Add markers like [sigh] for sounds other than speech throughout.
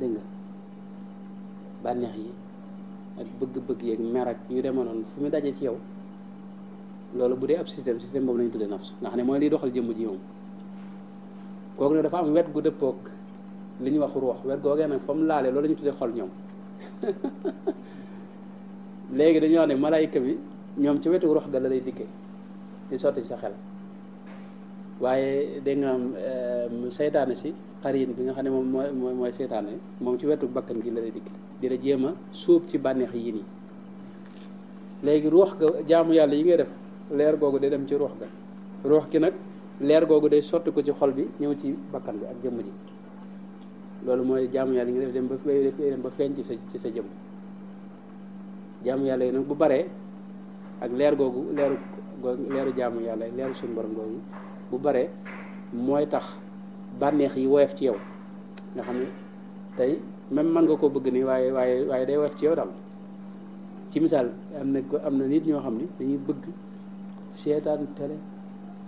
dégg nga bànneex yi ak bëgg-bëgg yeeg mer ak yu demoon fu mu daje ci yow loolu bu dee ab système système boobu tudde tuddee nafs nga xam ne mooy liy doxal jëmm ji moom kooku ne dafa am wet gu dëppoog li ñuy wax ruux wet googee nag fa mu loolu la ñu tuddee xol ñoom [laughs] léegi dañoo wax ne malaayika bi ñoom ci wetu ruux ga la lay dikkee di sotti sa xel waaye dégg nga euh, seytaane si xarin bi nga xam ne moom mooy mooy seytaane moom ci wetu bakkan gi la lay dikk di la jéem a suub ci bànneex yi nii léegi ruux ga jaamu yàlla yi ngay def leer googu day dem ci ruux ga ruux gi nag leer googu day sotti ko ci xol bi ñëw ci bakkan bi ak jëmm ji loolu mooy jaamu yàlla yi nga def dem ba dem ba feeñ ci sa ci sa jëmm jaamu yàlla yi nag bu baree ak leer googu leeru googu leeru jaamu yàlla leeru suñu borom googu bu bare mooy tax bànneex yi woyof ci yow nga xam ne tey même mën nga koo bëgg nii waaye waaye waaye day woyof ci yow daal ci misaal am na ko am na nit ñoo xam ni dañuy bëgg seetaan télé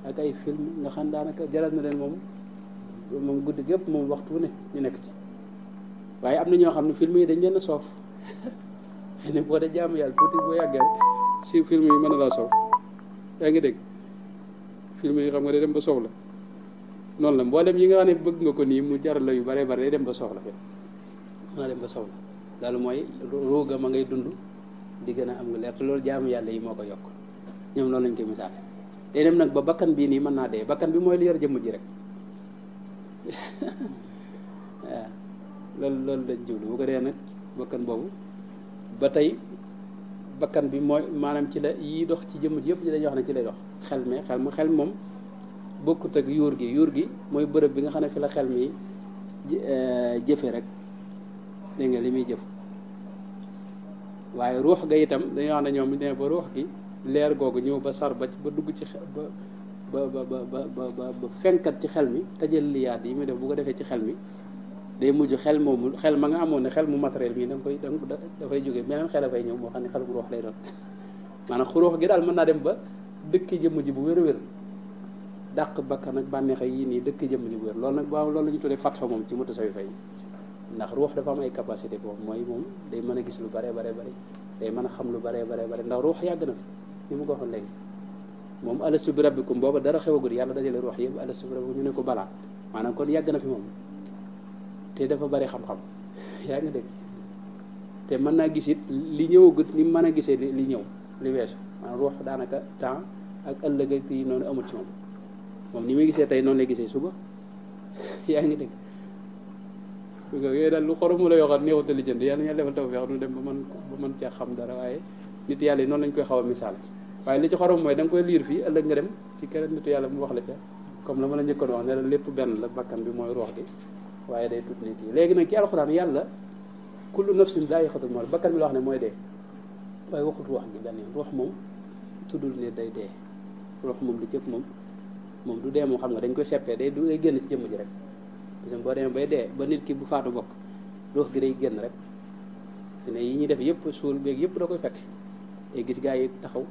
ak ay film nga xam daanaka jaral na leen moom moom guddi gépp moom waxtu ne ñu nekk ci waaye am na ñoo xam ne film yi dañ leen a soof ne boo dee jaamu yàlla tuuti boo yàggee si film yi mën na laa soof yaa ngi dégg film yi xam nga day dem ba soxla noonu la mboolem yi nga xam ne bëgg nga ko nii mu jaral la yu bare bare day dem ba soxla fi dana dem ba soxla loolu mooy ruuga ma ngay dund di gën a am nga leer te loolu jaamu yàlla yi moo ko yokk ñoom noonu lañ koy misaal day dem nag ba bakkan bii nii mën naa dee bakkan bi mooy lu yor jëmm ji rek [laughs] waaw loolu loolu lañ jublu bu ko dee nag bakkan boobu ba tey bakkan bi mooy maanaam ci la yi dox ci jëmm yëpp ci dañuy wax ne ci lay dox xel mi xel mu xel moom bokkut ak yuur gi yuur gi mooy bërëb bi nga xam ne fi la xel mi eh, jëfe rek dégg nga li muy jëf waaye ruux ga itam dañuy wax ne ñoom ne ba ruux gi leer googu ñëw ba sar ba ba dugg ci ba ba ba ba ba ba fenkat ci xel mi tajal liyaat yi mu def bu ko defee ci xel mi day mujj xel moomu xel ma nga amoon ne xel mu matériel mi da nga koy da dafay jóge beneen xel dafay ñëw moo xam ne xel bu ruux lay doon maanaam xuruux gi daal mën naa dem ba dëkk jëmm bu wér-wér dàq bakkan ak bànneex yii nii dëkk jëmm ji bu wér loolu waaw loolu la ñu tuddee fatfa moom ci moto sawi fay ndax ruux dafa am ay capacité boobu mooy moom day mën a gis lu bare bare bare day mën a xam lu bare bare bare ndax yàgg na mu ko waxoon moom alastu bi rabbikum booba dara xewagul yàlla dajale ruux yëpp alastu bi rabbikum ñu ne ko balaa maanaam kon yàgg na fi moom te dafa bari xam-xam yaa ngi dégg te mën naa gis it li ñëwagut ni mën a gisee li ñëw li weesu maanaam ruux daanaka temps ak ëllëg ak yi noonu amul ci moom moom ni muy gisee tey noonu lay gisee suba [laughs] yaa ngi dégg yooyu daal lu xorom la yoxal te li jënd yàlla ñu defal taw feex nu dem ba man ba mën cee xam dara waaye nit yàlla yi noonu lañ koy xaw a misaal waaye li ci xorom mooy da nga koy liir fii ëllëg nga dem ci keneen nitu yàlla mu wax la ca comme la ma la njëkkoon wax ne la lépp benn la bakkan bi mooy ruux di waaye day tudd nit yi léegi nag ci alxuraan yàlla kullu nafsin daa'iqatul mawt bakkan bi la wax ne mooy dee waaye waxut ruux gi benn moom tuddul ne day dee ruux moom li moom moom du dee moom xam nga dañ koy seppee day du day génn ci jëmm ji rek parce ba nit ki bu faatu bokk ruux gi day génn rek ne yi ñuy def yëpp suul beeg yëpp da koy fekk day gis gaa yi taxaw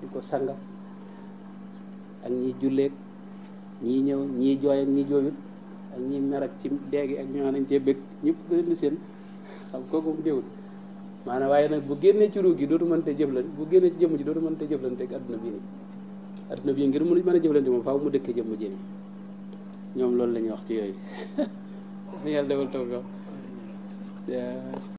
di ko sanga ak ñi julleeg ñii ñëw ñii jooy ak ñii jooyut ak ñii mer ak ci dee ak ñoo xam nañ cee bëgg ñëpp leen di seen xam kooku mu déwul maanaam waaye nag bu génnee ci ruug gi dootu mënte lañ bu génnee ci jëmm ji dootu mënte jëflante ak adduna bii nii adduna bii ngir mën mën a jëflante moom faaw mu dëkkee jëmm ji nii ñoom loolu la ñuy wax ci yooyu [laughs] yàlla defal taw